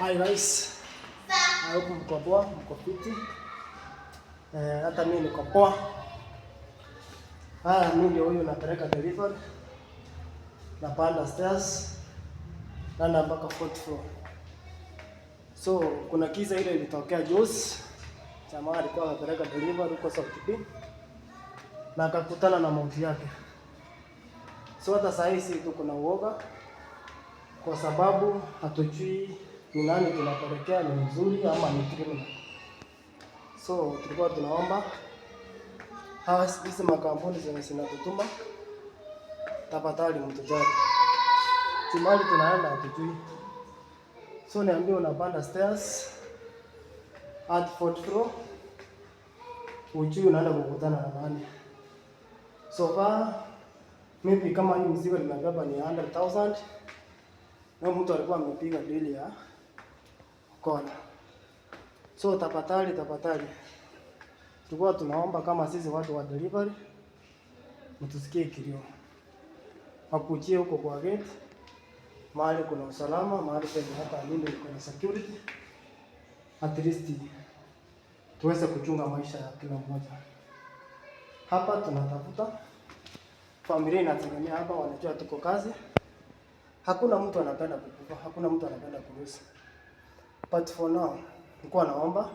Hai rais, huku mko poa, mko fiti? Eh, hata mimi niko poa. Haya, mimi ndio huyu napeleka delivery, napanda stairs nanda mpaka fourth floor. So kuna kiza ile ilitokea juzi, jamaa alikuwa anapeleka delivery huko South B na akakutana na mauti yake. So hata saa hii tuko na uoga kwa sababu hatujui ni nani tunapelekea ni mzuri ama ni criminal. So tulikuwa tunaomba hizi makampuni zenye zinatutuma tafadhali, mtujali timali tunaenda hatujui. So niambie, unapanda stairs at fourth floor ujui unaenda kukutana na nani. So far maybe kama hii mzigo nimebeba ni 100,000 na mtu alikuwa amepiga dili ya kona. So tafadhali, tafadhali, tulikuwa tunaomba kama sisi watu wa delivery mtusikie kilio, akuchie huko kwa gate, mahali kuna usalama, mahali penye hata alinde kuna security, at least tuweze kuchunga maisha ya kila mmoja hapa. Tunatafuta familia inategemea hapa, wanajua tuko kazi, hakuna mtu anapenda kukufa, hakuna mtu anapenda kuruhusu But for now, nikuwa naomba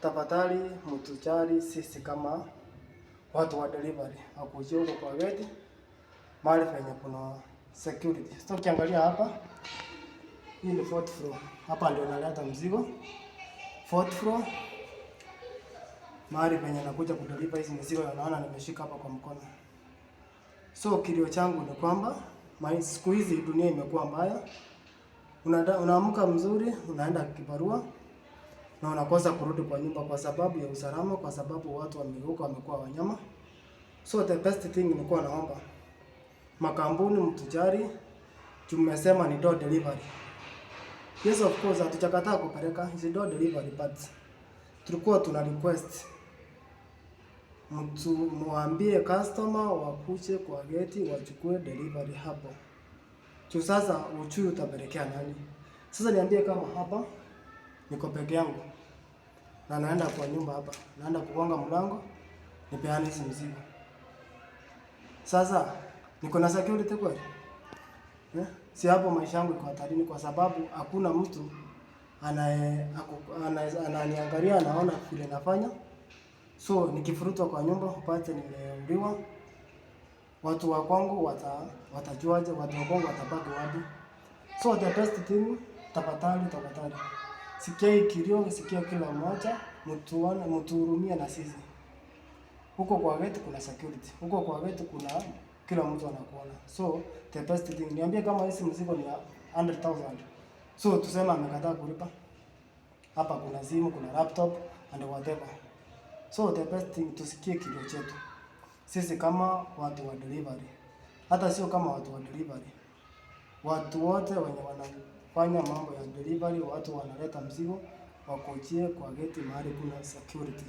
tafadhali mtuchari sisi kama watu wa delivery wakujia kwa geti mahali penye kuna security. So ukiangalia hapa, hii ni fourth floor. Hapa ndio naleta mzigo fourth floor, mahali penye nakuja kudeliver hizi mzigo, naona nimeshika hapa kwa mkono. So kilio changu ni kwamba siku hizi dunia imekuwa mbaya unaamka mzuri, unaenda kibarua na unakosa kurudi kwa nyumba kwa sababu ya usalama, kwa sababu watu wameuka, wamekuwa wanyama. So the best thing ni nilikuwa naomba makampuni mtujari, tumesema ni door delivery. Yes, of course hatujakataa kupeleka hizi door delivery, but tulikuwa tuna request mtu muambie customer wakuje kwa geti wachukue delivery hapo. So sasa uchui utapelekea nani? Sasa niambie kama hapa niko peke yangu na naenda kwa nyumba hapa, naenda kugonga mlango nipeane hizi mzigo. Sasa niko na security kweli eh? Si hapo maisha yangu iko hatarini, kwa sababu hakuna mtu anaye ananiangalia, anaona vile nafanya. So nikifurutwa kwa nyumba upate nimeuliwa watu wa kwangu wata, watajuaje? Watu wa kwangu watapata wapi? So the best thing, tafadhali, tafadhali sikia kilio, sikia kila mmoja, mtuone, mtuhurumie na sisi. Huko kwa wetu kuna security, huko kwa wetu kuna kila mtu anakuona. So the best thing niambie, kama hizi mzigo ni 100,000 so tuseme amekataa kulipa, hapa kuna simu, kuna laptop and whatever. So the best thing tusikie kilio chetu sisi kama watu wa delivery, hata sio kama watu wa delivery, watu wote wenye wanafanya mambo ya delivery, watu wanaleta mzigo wakochie kwa geti mahali kuna security,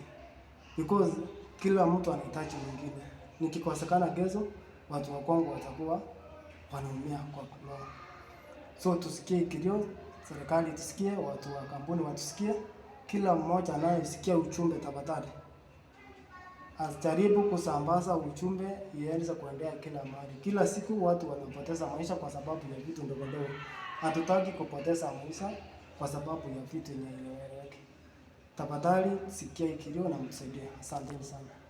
because kila mtu anahitaji mwingine. Nikikosekana gezo, watu wa kwangu watakuwa wanaumia kwa kuloa. So tusikie kilio, serikali tusikie, watu wa kampuni watusikie, kila mmoja anayesikia uchumbe tafadhali asijaribu kusambaza ujumbe ienze kuendea kila mahali. Kila siku watu wanapoteza maisha kwa sababu ya vitu ndogo ndogo. Hatutaki kupoteza maisha kwa sababu ya vitu yenye inaeleweka. Tafadhali sikia kilio na msaidie. Asanteni sana.